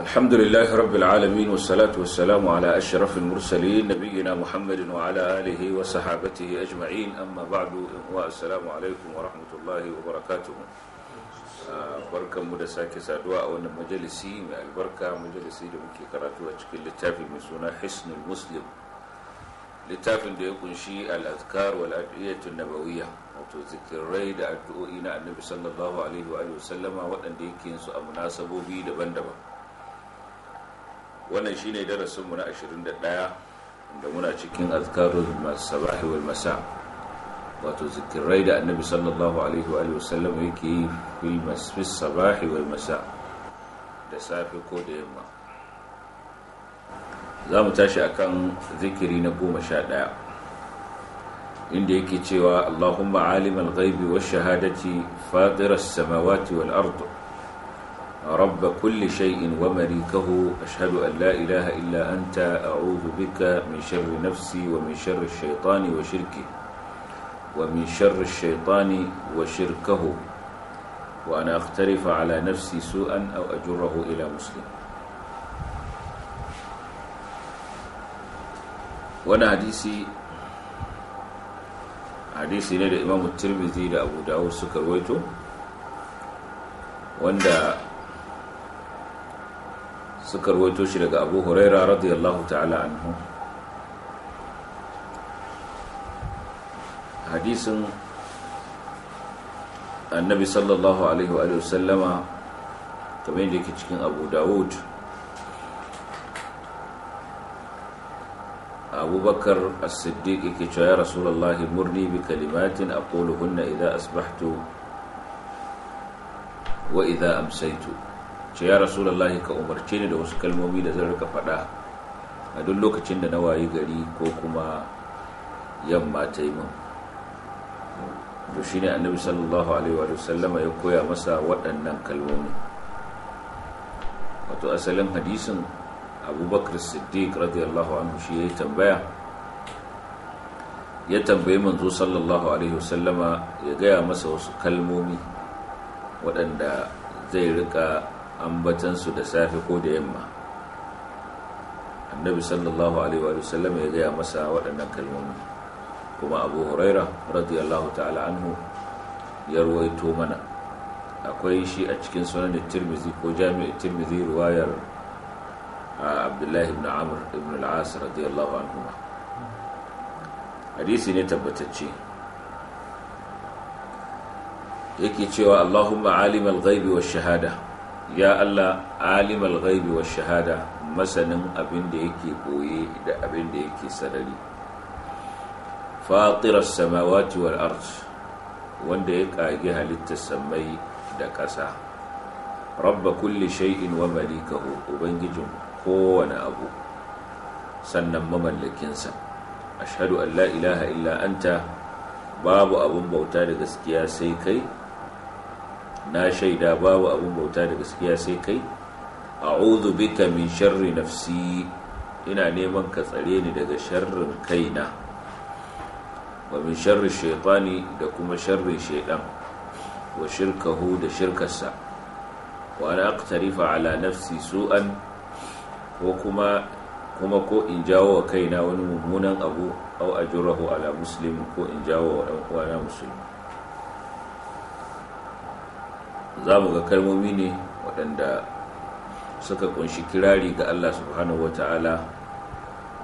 الحمد لله رب العالمين والصلاة والسلام على أشرف المرسلين نبينا محمد وعلى آله وصحابته أجمعين أما بعد والسلام عليكم ورحمة الله وبركاته بركة مدسا كسادواء وأن مجلسي من البركة مجلسي لمكي قراتوا أشكل لتافي من سنة حسن المسلم لتافي ليكون شيء الأذكار والأدعية النبوية وتذكري da addu'o'i na annabi sallallahu alaihi wa sallam waɗanda yake su a munasabobi daban-daban wannan shine darasin mu na 21 da muna cikin azkarul masabahi wal masa wato zikirai da annabi sallallahu alaihi wa sallam yake yi fil masfis wal masa da safe ko da yamma za mu tashi akan zikiri na goma sha ɗaya inda yake cewa allahumma alimal ghaibi wa shahadati fatiras samawati wal ardi رب كل شيء ومليكه أشهد أن لا إله إلا أنت أعوذ بك من شر نفسي ومن شر الشيطان وشركه ومن شر الشيطان وشركه وأنا أختلف على نفسي سوءا أو أجره إلى مسلم وأنا حديثي حديثي لدى إمام الترمذي لأبو داود سكر ويتو وأن suka ruwaito shi daga abu huraira radiyallahu ta'ala anhu hadisin annabi sallallahu alaihi wa sallama kamar yadda yake cikin abu dawud abubakar as-siddiq yake cewa ya rasulullah murni bi kalimatin aquluhunna idza asbahtu wa idza amsaytu ce ya rasulullahi ka umarce ni da wasu kalmomi da zan rika faɗa a duk lokacin da na wayi gari ko kuma yamma ta yi min to shine annabi sallallahu alaihi wa sallama ya koya masa waɗannan kalmomi wato asalin hadisin abubakar siddiq radiyallahu anhu shi ya yi tambaya ya tambayi manzo sallallahu alaihi wasallama ya gaya masa wasu kalmomi waɗanda zai rika ambatansu da safe ko da yamma annabi sallallahu alaihi wa sallam ya gaya masa waɗannan kalmomi kuma abu huraira radiyallahu ta'ala anhu ya ruwaito mana akwai shi a cikin sunan tirmizi ko jami'ar tirmizi ruwayar abdullahi ibn amr ibn al-as radiyallahu anhu hadisi ne tabbatacce yake cewa allahumma alimal ghaibi wash shahada ya Allah alimal ghaibi wa shahada masanin abin da yake boye da abin da yake sarari fatirar samawati wal ard wanda ya kage halittar samai da ƙasa rabba kulli shay'in wa malikahu ubangijin kowane abu sannan mamallakinsa ashhadu an la ilaha illa anta babu abun bauta da gaskiya sai kai na shaida babu abin bauta da gaskiya sai kai a'udhu bika min sharri nafsi ina neman ka tsare ni daga sharrin kaina wa min sharri shaytani da kuma sharrin shaidan wa shirkahu da shirkarsa wa ana aqtarifa ala nafsi su'an ko kuma kuma ko in jawo wa kaina wani mummunan abu au a ajurahu ala muslim ko in jawo wa ɗan na musulmi za mu ga kalmomi ne waɗanda suka ƙunshi kirari ga Allah subhanahu ta'ala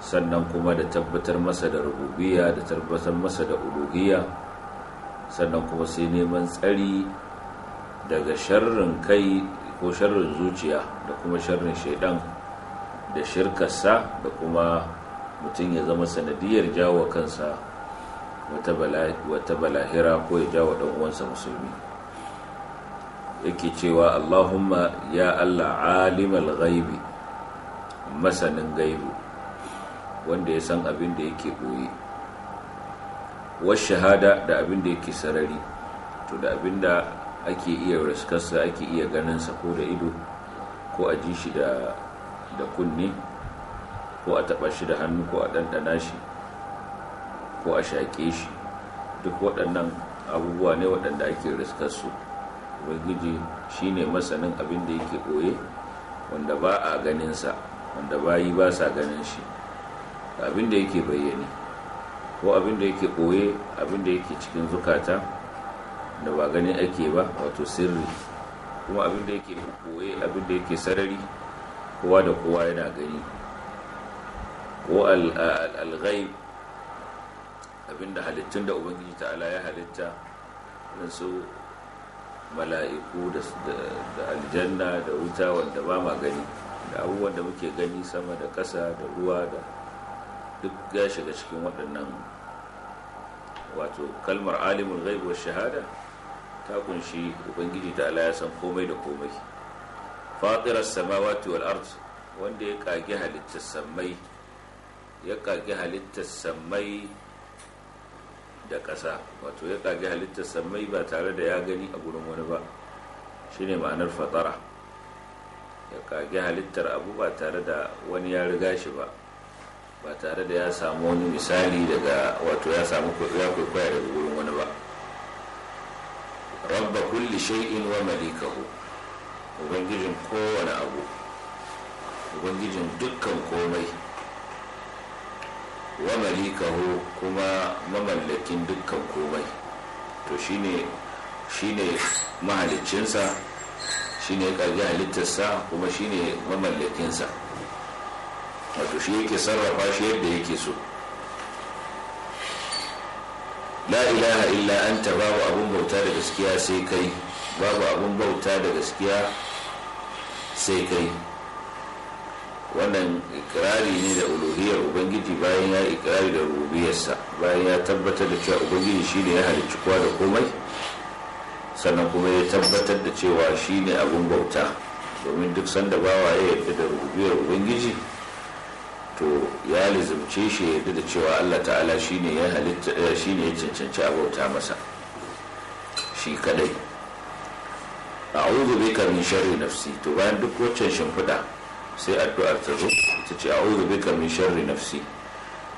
sannan kuma da tabbatar masa da rububiya da tabbatar masa da uluhiyya sannan kuma sai neman tsari daga sharrin kai ko sharrin zuciya da kuma sharrin shaidan da shirkarsa da kuma mutum ya zama sanadiyar jawo kansa wata balahira ko ya jawo uwansa musulmi yake cewa Allahumma ya Allah alimal ghaibi masanin gaibu wanda ya san abin da yake ɓoye shahada da abin da yake sarari to da abin da ake iya riskarsa ake iya ganinsa ko da ido ko a ji shi da kunne ko a taɓa shi da hannu ko a dandana shi ko a shaƙe shi duk waɗannan abubuwa ne waɗanda ake riskarsu su ubangiji shine masanin abin da yake koye wanda ba a ganinsa wanda bayi ba sa ganin shi abin da yake bayyane ko abin da yake koye abin da yake cikin zukata da ba gani ake ba wato sirri kuma abin da yake koye abin da yake sarari kowa da kowa yana gani ko alghaib abin da halittun da ubangiji ta'ala ya halitta su mala'iku da aljanna da wuta wanda ba ma gani da abubuwan da muke gani sama da ƙasa da ruwa da duk ya shiga cikin waɗannan wato kalmar alimul ghaibu shahada ta kunshi ubangiji ta ala ya san komai da komai fatirar samawati wal ard wanda ya kage halittar sammai ya kage halittar sammai da ƙasa wato ya ƙage halittar sammai ba tare da ya gani a gurin wani ba shine ma'anar fatara ya ƙage halittar abu ba tare da wani ya riga shi ba ba tare da ya samu wani misali daga wato ya samu ya kwaikwaya daga gurin wani ba rabba kulli shay'in wa malikahu ubangijin kowane abu ubangijin dukkan komai wa malikahu kuma mamallakin dukkan komai to shine shine mahaliccinsa shine ƙarfi halittarsa kuma shine mamallakinsa wato shi yake sarrafa shi yadda yake so la ilaha illa anta babu abun bauta da gaskiya sai kai babu abun bauta da gaskiya sai kai wannan ikirari ne da uluhiyar ubangiji bayan ya ikirari da rubiyarsa bayan ya tabbatar da cewa ubangiji shi ne ya halicci kowa da komai sannan kuma ya tabbatar da cewa shi ne abin bauta domin duk sanda bawa ya yarda da rubiyar ubangiji to ya lizumce shi ya yarda da cewa allah ta'ala shi ne ya eh, cancanci a bauta masa shi kadai a uzu bai karni shari nafsi to bayan duk waccan shimfiɗa sai addu'ar ta zo ita ce a'udhu bika min sharri nafsi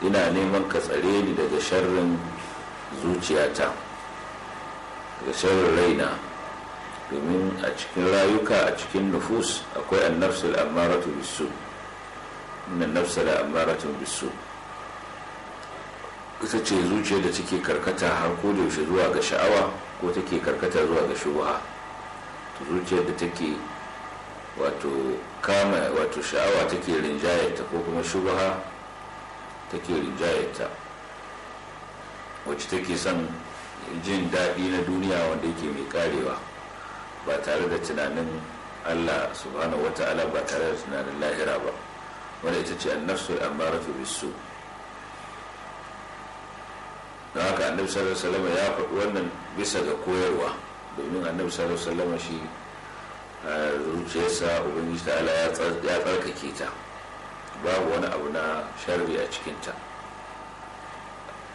ina neman ka tsare ni daga sharrin zuciyata daga sharrin raina domin a cikin rayuka a cikin nufus akwai annafsul ammaratu bisu inna nafsala ammaratu bisu ita ce zuciya da take karkata har ko da yaushe zuwa ga sha'awa ko take karkata zuwa ga shubha zuciya da take wato kama wato sha'awa take rinjayeta ko kuma shubha take rinjayeta wacce take son jin daɗi na duniya wanda yake mai karewa ba tare da tunanin allah subhanahu ta'ala ba tare da tunanin lahira ba wanda ita ce annafsu fi bisu don haka annabi sallallahu alaihi wasallam ya faɗi wannan bisa ga koyarwa domin annabi sallallahu alaihi wasallam shi zuciyarsa ubangiji ala ya tsarkake ta babu wani abu na sharri a cikinta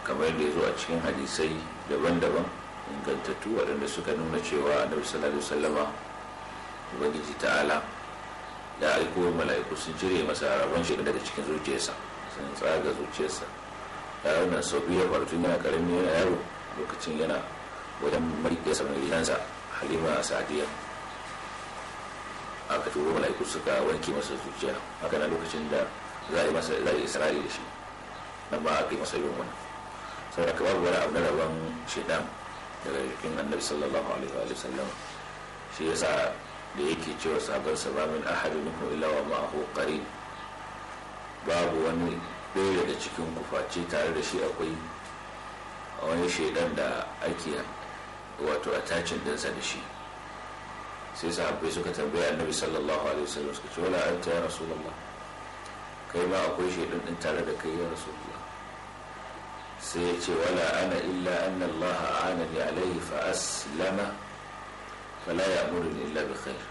kamar da ya zo a cikin hadisai daban-daban ingantattu waɗanda suka nuna cewa annabi sallallahu alaihi wasallama ubangiji ta'ala da aiko mala'iku sun cire masa rabon shi daga cikin zuciyarsa sun tsaga zuciyarsa ya wannan sau biyu fartun yana karami yana yaro lokacin yana wajen marike sa mai gidansa halima a sadiya aka turo mala'iku suka wanke masa zuciya haka na lokacin da za a masa za a isra'i da shi nan ba a kai masa yin wani saboda ka babu wani abu na rabon shaidan daga jikin annabi sallallahu alaihi wa sallam shi ya sa da yake cewa sabon sa min ahadin minhu ilawa ma ma'ahu babu wani ɗaya daga cikin kufaci tare da shi akwai wani shaidan da ake wato attachin dinsa da shi sai sa sahabbai suka tambaye annabi sallallahu alaihi wasallam suka ce wala anta ya rasulullah kai ma akwai shaidan din tare da kai ya rasulullah sai ya ce wala ana illa anna allaha anani alaihi fa aslama fala ya'muruni illa bi khair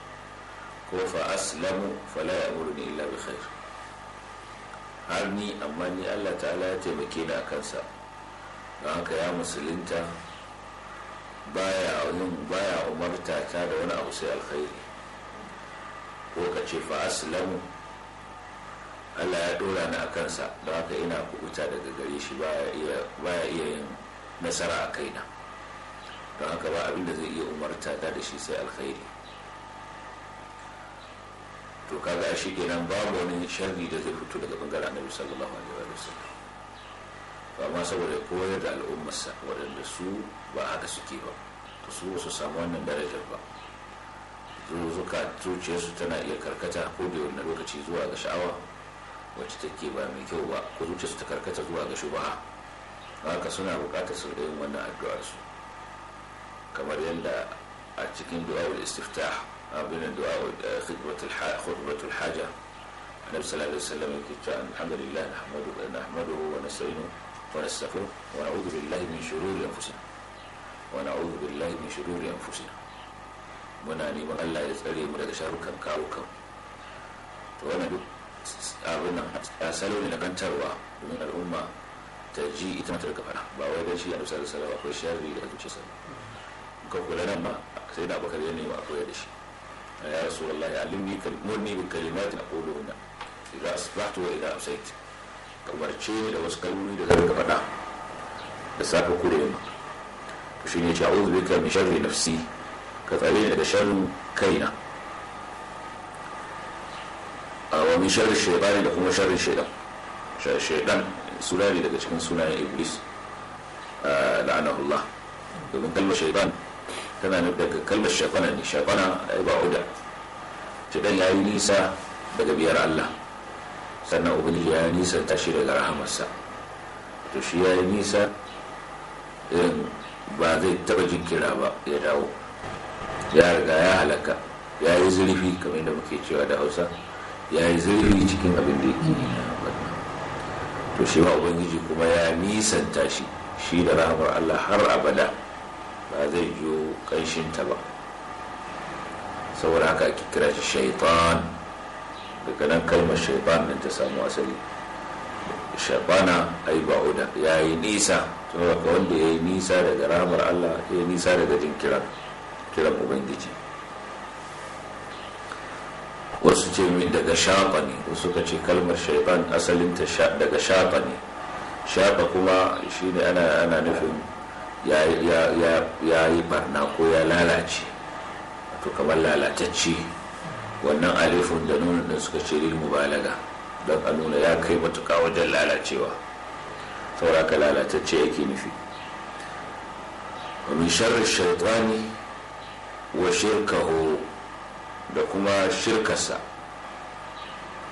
ko fa aslamu fala ya'muruni illa bi khair har ni amma ni Allah ta'ala ya taimake ni a kansa don haka ya musulunta baya umarnin baya umarta ta da wani abu sai alkhairi ko ka ce fa aslamu Allah ya dora ni a kansa don haka ina kubuta daga gare shi baya iya yin nasara a kaina don haka ba abinda zai iya umarta ta da shi sai alkhairi to kaga shi kenan babu wani sharri da zai fito daga bangaren annabi sallallahu alaihi wa sallam ba ma saboda koyar da al'ummarsa waɗanda su ba haka suke ba su su samu wannan darajar ba zuzuka zuciyarsu tana iya karkata ko da wani lokaci zuwa ga sha'awa wacce take ba mai kyau ba ko zuciyarsu ta karkata zuwa ga shubaha haka suna bukatar su da yin wannan addu'ar su kamar yadda a cikin du'a'ul istiftah abin da du'a'ul eh, khutbatul haja annabi sallallahu alaihi wasallam yake cewa alhamdulillah nahmaduhu wa nasta'inuhu wa nastaghfiruh wa na'udhu billahi min shururi anfusina auzu billahi min shururi anfusina muna neman Allah ya tsare mu daga sharukan kawo kan to wani duk abin nan a salo ne na kantarwa domin al'umma ta ji ita mata daga fara ba wai gashi a a da salawa akwai sharri da zuciya sa ka kula nan ba sai da abokan ya nemi a koyar da shi ya rasulullahi alimni kalmuni bi kalimatin aquluhunna idza asbahtu wa idza amsayt kamar ce da wasu kalmomi da zaka faɗa da safe kure ma shi ne ce uzu bika min sharri nafsi ka tsare ni da sharrin kaina a wa min sharri shaitani da kuma sharrin shaitan shaitan suna ne daga cikin sunayen iblis Allah domin kalmar shaitan tana nufi daga kalmar shaitana ne shaitana a yi ba'uda shaitan ya yi nisa daga biyar allah sannan ubangiji ya yi nisa tashi daga rahamarsa to shi ya yi nisa irin ba zai taba kira ba ya dawo ya riga ya halaka ya yi zurfi kamar da muke cewa da hausa ya yi zurfi cikin abin da yake na wannan to shi ma ubangiji kuma ya nisanta shi shi da rahamar allah har abada ba zai jo ta ba saboda haka ake kira shi shaitan daga nan kalmar shaitan nan ta samu asali shaitana ai ba'uda ya yi nisa saboda wanda ya yi nisa daga ramar Allah ya yi nisa daga jin kiran kiran ubangiji wasu ce min daga shafa ne wasu ka ce kalmar shaitan asalinta daga shafa ne shafa kuma shi ana ana nufin ya yi barna ko ya lalace to kamar lalatacce wannan alifin da nuna suka ce lil mubalaga don a nuna ya kai matuka wajen lalacewa sauraka lalatacce yake nufi ومن شر wa وشركه da kuma shirkasa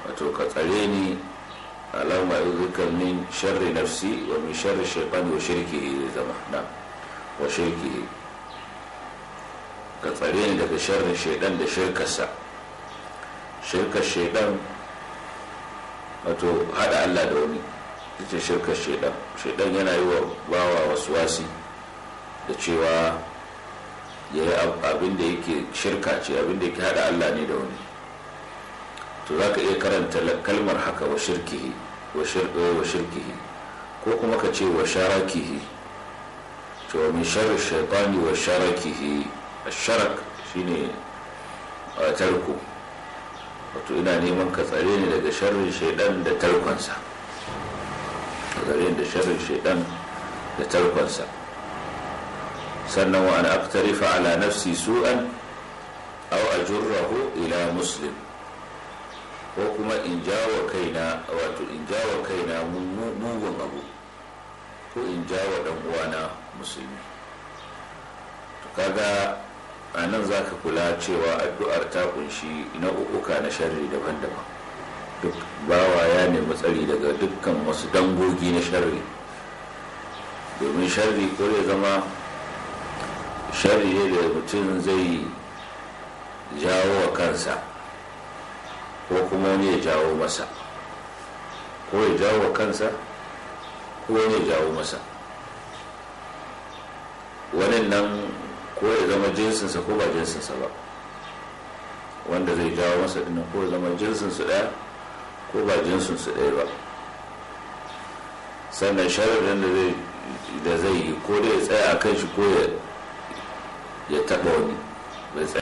wato ka tsare ni alama zikar min sharri nafsi wa min sharri shaitani wa shirki zai zama na wa shirkihi ka tsare ni daga sharrin shaitan da shirkasa shirkar shaitan wato hada Allah da wani ita shirka shaidan shaidan yana yi wa bawa wasu wasi da cewa ya yi abin da yake shirka ce abin da yake hada Allah ne da wani to za ka iya karanta kalmar haka wa shirkihi eh, wa shirkihi ko kuma ka ce wa sharakihi to min sharri shaitani wa sharakihi sharak shine eh, tarko wato ina neman ka tsare ni daga sharrin shaidan da tarkonsa tsare da sharrin shaidan da tarkonsa sannan wa an aktarifa ala nafsi su'an aw ajurrahu ila muslim ko kuma in jawo kaina wato in jawo kaina mugun abu ko in jawo dan uwana musulmi to kaga a nan za ka kula cewa addu'ar ta kunshi na ukuka na sharri daban-daban duk bawa ya nemi tsari daga dukkan wasu dangogi na sharri domin sharri ko ya zama sharri ne da mutum zai jawo wa kansa ko kuma wani ya jawo masa ko ya jawo wa kansa ko wani ya jawo masa wani nan ko ya zama jinsinsa ko ba jinsinsa ba wanda zai jawo masa ɗin ko ya zama jinsinsa ɗaya ko ba jinsinsa ɗaya ba sannan sharaɗin da zai da zai yi ko da ya tsaya a kan shi ko ya taɓa wani